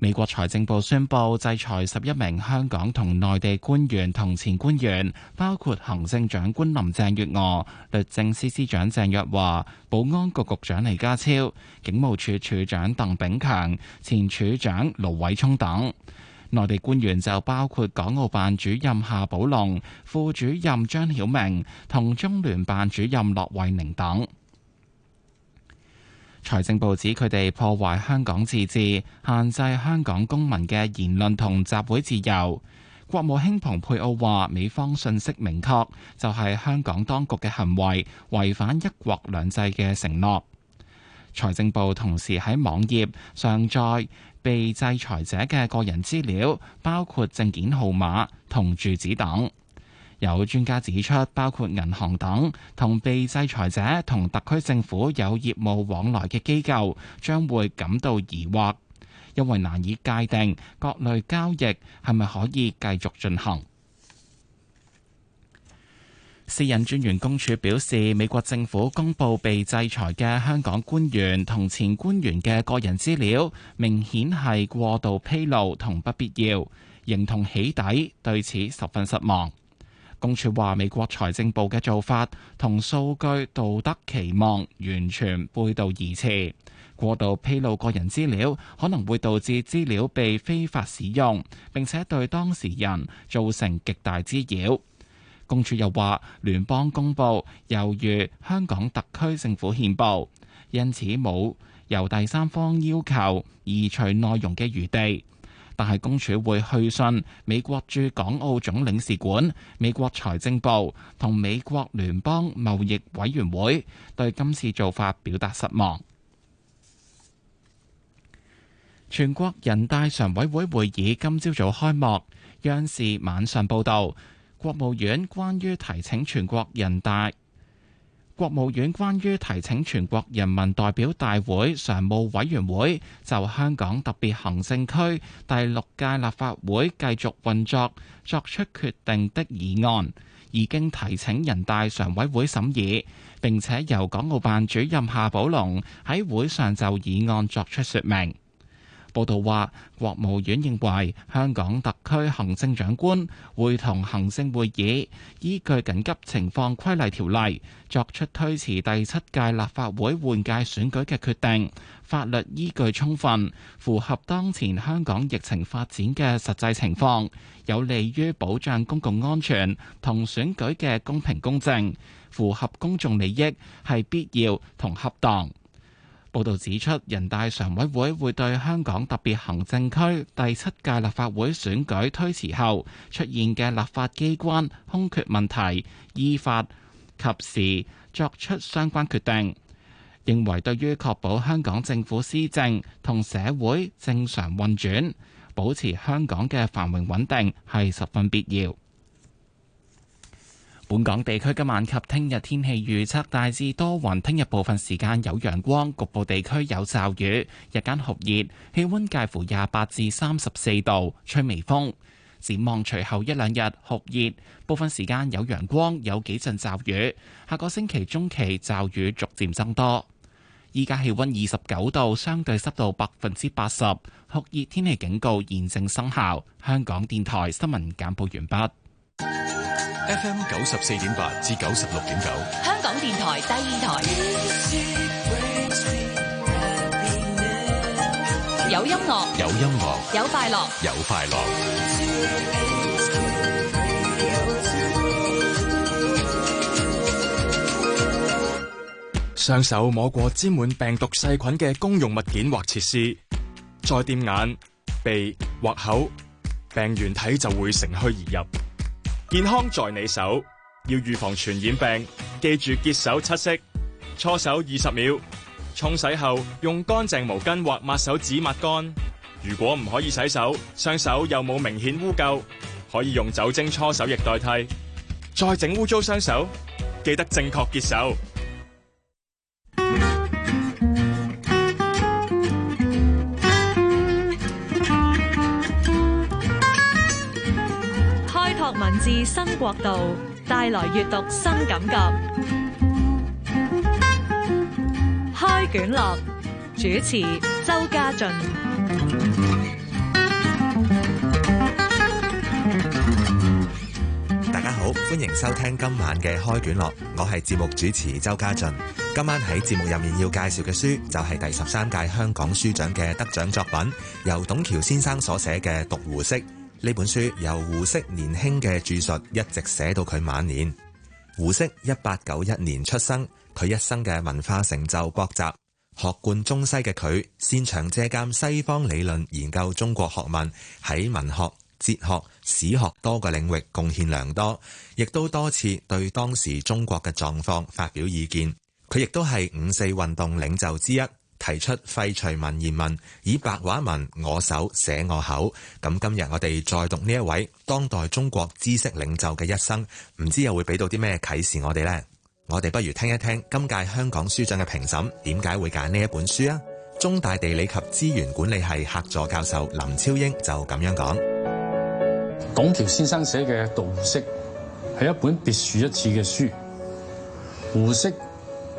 美國財政部宣布制裁十一名香港同內地官員同前官員，包括行政長官林鄭月娥、律政司司長鄭若驊、保安局局長李家超、警務處處長鄧炳強、前處長盧偉聰等。內地官員就包括港澳辦主任夏寶龍、副主任張曉明同中聯辦主任駱惠寧等。財政部指佢哋破壞香港自治，限制香港公民嘅言論同集會自由。國務卿蓬佩奧話：美方信息明確，就係香港當局嘅行為違反一國兩制嘅承諾。財政部同時喺網頁上載被制裁者嘅個人資料，包括證件號碼同住址等。有專家指出，包括銀行等同被制裁者同特區政府有業務往來嘅機構，將會感到疑惑，因為難以界定各類交易係咪可以繼續進行。私隱專員公署表示，美國政府公布被制裁嘅香港官員同前官員嘅個人資料，明顯係過度披露同不必要，形同起底，對此十分失望。公署話：美國財政部嘅做法同數據道德期望完全背道而馳，過度披露個人資料可能會導致資料被非法使用，並且對當事人造成極大滋擾。公署又話：聯邦公報猶如香港特區政府憲報，因此冇由第三方要求移除內容嘅餘地。但係，公署會去信美國駐港澳總領事館、美國財政部同美國聯邦貿易委員會，對今次做法表達失望。全國人大常委會會議今朝早早開幕，央視晚上報導，國務院關於提請全國人大。國務院關於提請全國人民代表大會常務委員會就香港特別行政區第六屆立法會繼續運作作出決定的議案，已經提請人大常委會審議，並且由港澳辦主任夏寶龍喺會上就議案作出說明。報道話，國務院認為香港特區行政長官會同行政會議依據緊急情況規例條例作出推遲第七屆立法會換屆選舉嘅決定，法律依據充分，符合當前香港疫情發展嘅實際情況，有利於保障公共安全同選舉嘅公平公正，符合公眾利益係必要同恰當。報道指出，人大常委會會對香港特別行政區第七屆立法會選舉推遲後出現嘅立法機關空缺問題，依法及時作出相關決定，認為對於確保香港政府施政同社會正常運轉，保持香港嘅繁榮穩定係十分必要。本港地區今晚及聽日天氣預測大致多雲，聽日部分時間有陽光，局部地區有驟雨。日間酷熱，氣溫介乎廿八至三十四度，吹微風。展望隨後一兩日酷熱，部分時間有陽光，有幾陣驟雨。下個星期中期驟雨逐漸增多。依家氣溫二十九度，相對濕度百分之八十，酷熱天氣警告現正生效。香港電台新聞簡報完畢。FM 九十四點八至九十六點九，香港電台第二台。有音樂，有音樂，有快樂，有快樂。雙手摸過沾滿病毒細菌嘅公用物件或設施，再掂眼、鼻或口，病原體就會乘虛而入。健康在你手，要預防傳染病，記住潔手七式，搓手二十秒，沖洗後用乾淨毛巾或抹手指抹乾。如果唔可以洗手，雙手又冇明顯污垢，可以用酒精搓手液代替。再整污糟雙手，記得正確潔手。至新國度，帶來閱讀新感覺。開卷樂主持周家俊，大家好，歡迎收聽今晚嘅開卷樂，我係節目主持周家俊。今晚喺節目入面要介紹嘅書，就係第十三屆香港書獎嘅得獎作品，由董橋先生所寫嘅《讀胡適》。呢本書由胡適年輕嘅著述一直寫到佢晚年。胡適一八九一年出生，佢一生嘅文化成就博集。學貫中西嘅佢，擅長借鑑西方理論研究中國學問，喺文學、哲學、史學多個領域貢獻良多，亦都多次對當時中國嘅狀況發表意見。佢亦都係五四運動領袖之一。提出廢除文言文，以白話文我手寫我口。咁今日我哋再讀呢一位當代中國知識領袖嘅一生，唔知又會俾到啲咩啟示我哋呢？我哋不如聽一聽今屆香港書展嘅評審點解會揀呢一本書啊！中大地理及資源管理系客座教授林超英就咁樣講：董橋先生寫嘅《讀胡適》係一本別樹一幟嘅書，《胡適》。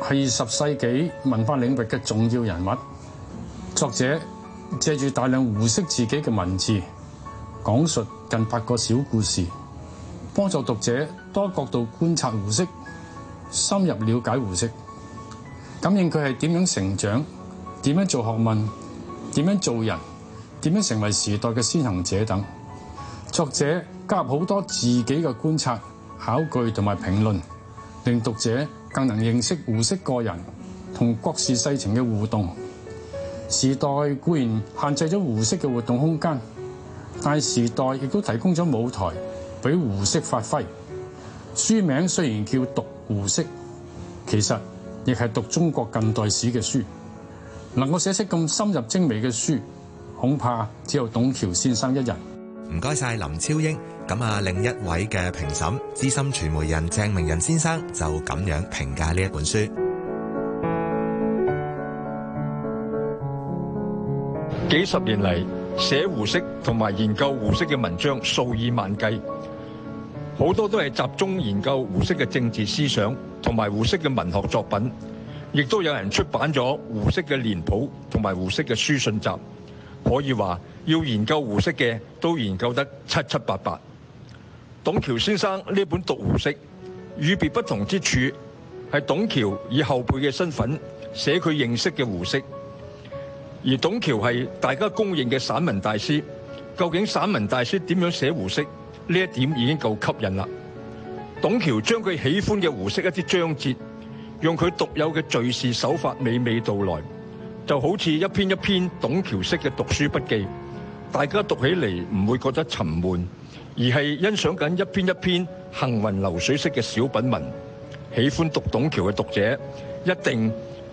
係二十世紀文化領域嘅重要人物，作者借住大量胡適自己嘅文字，講述近百個小故事，幫助讀者多角度觀察胡適，深入了解胡適。感應佢係點樣成長，點樣做學問，點樣做人，點樣成為時代嘅先行者等。作者加入好多自己嘅觀察、考據同埋評論，令讀者。更能認識胡適個人同國事世情嘅互動，時代固然限制咗胡適嘅活動空間，但時代亦都提供咗舞台俾胡適發揮，書名雖然叫《讀胡適》，其實亦係讀中國近代史嘅書，能夠寫出咁深入精美嘅書，恐怕只有董橋先生一人。唔該晒林超英，咁啊另一位嘅評審資深傳媒人鄭明仁先生就咁樣評價呢一本書。幾十年嚟寫胡適同埋研究胡適嘅文章數以萬計，好多都係集中研究胡適嘅政治思想同埋胡適嘅文學作品，亦都有人出版咗胡適嘅年譜同埋胡適嘅書信集，可以話。要研究胡適嘅，都研究得七七八八。董橋先生呢本讀胡適，與別不同之處係董橋以後輩嘅身份寫佢認識嘅胡適，而董橋係大家公認嘅散文大師。究竟散文大師點樣寫胡適呢？一點已經夠吸引啦。董橋將佢喜歡嘅胡適一啲章節，用佢獨有嘅敘事手法娓娓道來，就好似一篇一篇董橋式嘅讀書筆記。大家讀起嚟唔會覺得沉悶，而係欣賞緊一篇一篇行雲流水式嘅小品文。喜歡讀董橋嘅讀者，一定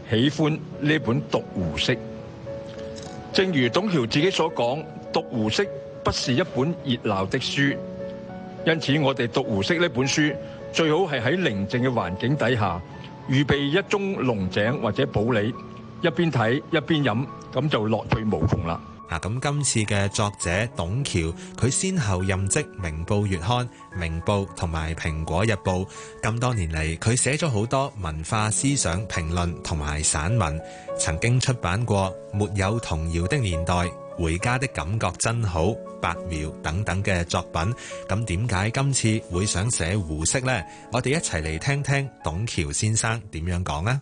喜歡呢本《讀胡適》。正如董橋自己所講，《讀胡適》不是一本熱鬧的書，因此我哋《讀胡適》呢本書最好係喺寧靜嘅環境底下，預備一盅龍井或者普洱，一邊睇一邊飲，咁就樂趣無窮啦。嗱，咁今次嘅作者董橋，佢先後任職《明報月刊》、《明報》同埋《蘋果日報》，咁多年嚟佢寫咗好多文化思想評論同埋散文，曾經出版過《沒有童謠的年代》、《回家的感覺真好》、《白描》等等嘅作品。咁點解今次會想寫胡適呢？我哋一齊嚟聽聽董橋先生點樣講啊！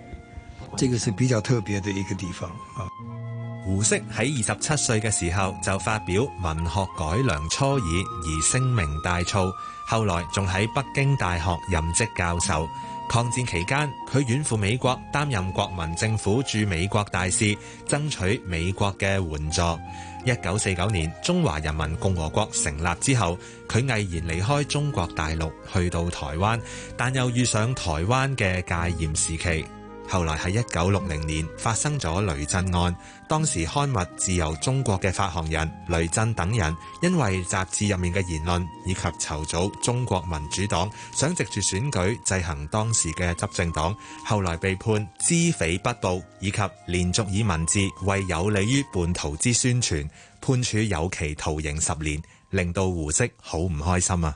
這個是比較特別的一個地方。胡適喺二十七歲嘅時候就發表《文學改良芻議》而聲名大噪，後來仲喺北京大學任職教授。抗戰期間，佢遠赴美國擔任國民政府駐美國大使，爭取美國嘅援助。一九四九年中華人民共和國成立之後，佢毅然離開中國大陸去到台灣，但又遇上台灣嘅戒嚴時期。後來喺一九六零年發生咗雷震案，當時刊物《自由中國》嘅發行人雷震等人，因為雜誌入面嘅言論以及籌組中國民主黨，想藉住選舉制衡當時嘅執政黨，後來被判知匪不報以及連續以文字為有利於叛徒之宣傳，判處有期徒刑十年，令到胡適好唔開心啊！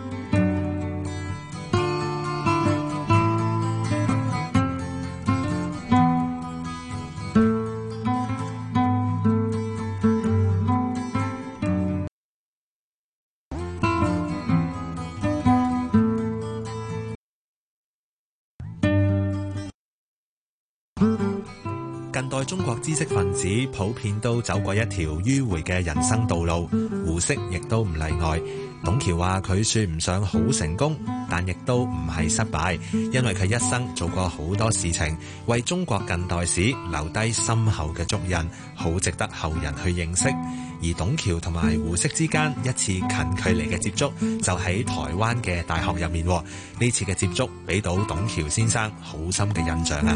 近代中國知識分子普遍都走過一條迂迴嘅人生道路，胡適亦都唔例外。董橋話佢算唔上好成功，但亦都唔係失敗，因為佢一生做過好多事情，為中國近代史留低深厚嘅足印，好值得後人去認識。而董橋同埋胡適之間一次近距離嘅接觸，就喺台灣嘅大學入面。呢次嘅接觸俾到董橋先生好深嘅印象啊！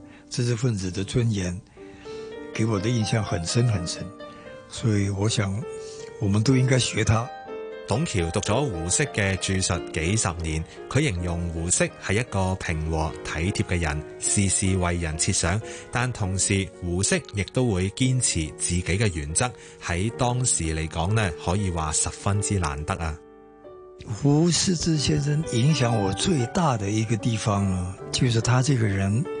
知識分子的尊嚴，給我的印象很深很深，所以我想，我們都應該學他。董橋讀咗胡適嘅著述幾十年，佢形容胡適係一個平和體貼嘅人，事事為人設想，但同時胡適亦都會堅持自己嘅原則。喺當時嚟講呢，可以話十分之難得啊。胡適之先生影響我最大的一個地方呢，就是他這個人。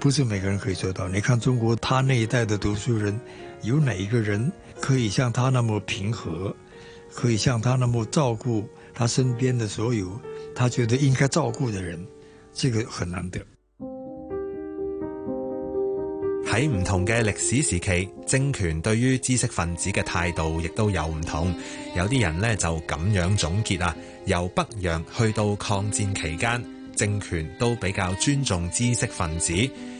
不是每個人可以做到。你看中國，他那一代的讀書人，有哪一個人可以像他那麼平和，可以像他那麼照顧他身邊的所有他覺得應該照顧的人？這個很難得。喺唔同嘅歷史時期，政權對於知識分子嘅態度亦都有唔同。有啲人咧就咁樣總結啊，由北洋去到抗戰期間。政權都比較尊重知識分子，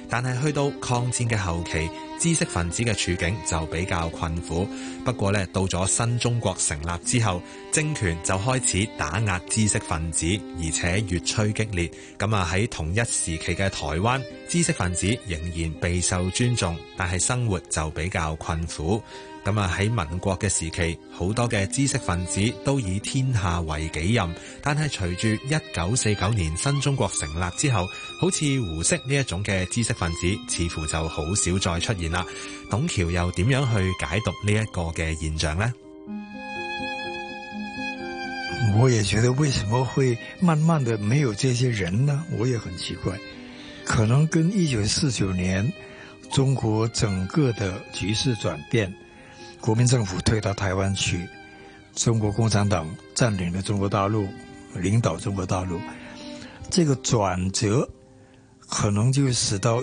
但係去到抗戰嘅後期，知識分子嘅處境就比較困苦，不過咧到咗新中國成立之後，政權就開始打壓知識分子，而且越趨激烈。咁啊喺同一時期嘅台灣，知識分子仍然備受尊重，但係生活就比較困苦。咁啊喺民國嘅時期，好多嘅知識分子都以天下為己任，但係隨住一九四九年新中國成立之後，好似胡適呢一種嘅知識分子，似乎就好少再出現。那董橋又點樣去解讀呢一個嘅現象呢？我也覺得為什麼會慢慢的沒有這些人呢？我也很奇怪，可能跟一九四九年中國整個的局勢轉變，國民政府退到台灣去，中國共產黨佔領了中國大陸，領導中國大陸，這個轉折可能就使到。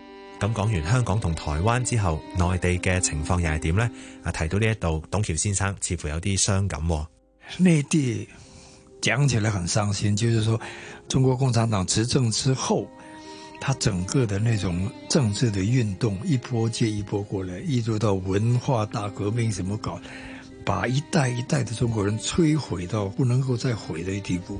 咁講完香港同台灣之後，內地嘅情況又係點呢？啊，提到呢一度，董橋先生似乎有啲傷感。內地講起來很傷心，就是說中國共產黨執政之後，他整個的那種政治的運動一波接一波過來，一直到文化大革命，怎麼搞，把一代一代的中國人摧毀到不能夠再毀的地步。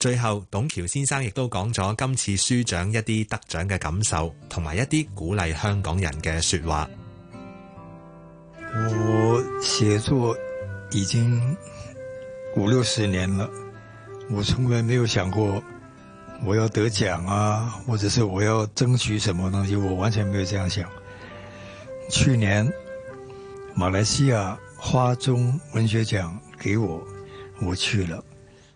最後，董橋先生亦都講咗今次書獎一啲得獎嘅感受，同埋一啲鼓勵香港人嘅說話。我寫作已經五六十年了，我從來沒有想過我要得獎啊，或者是我要爭取什麼東西，我完全沒有這樣想。去年馬來西亞花中文學獎給我，我去了。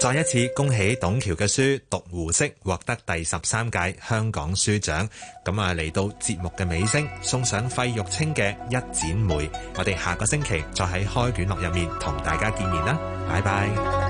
再一次恭喜董橋嘅書《讀胡適》獲得第十三屆香港書獎，咁啊嚟到節目嘅尾聲，送上費玉清嘅《一剪梅》，我哋下個星期再喺開卷樂入面同大家見面啦，拜拜。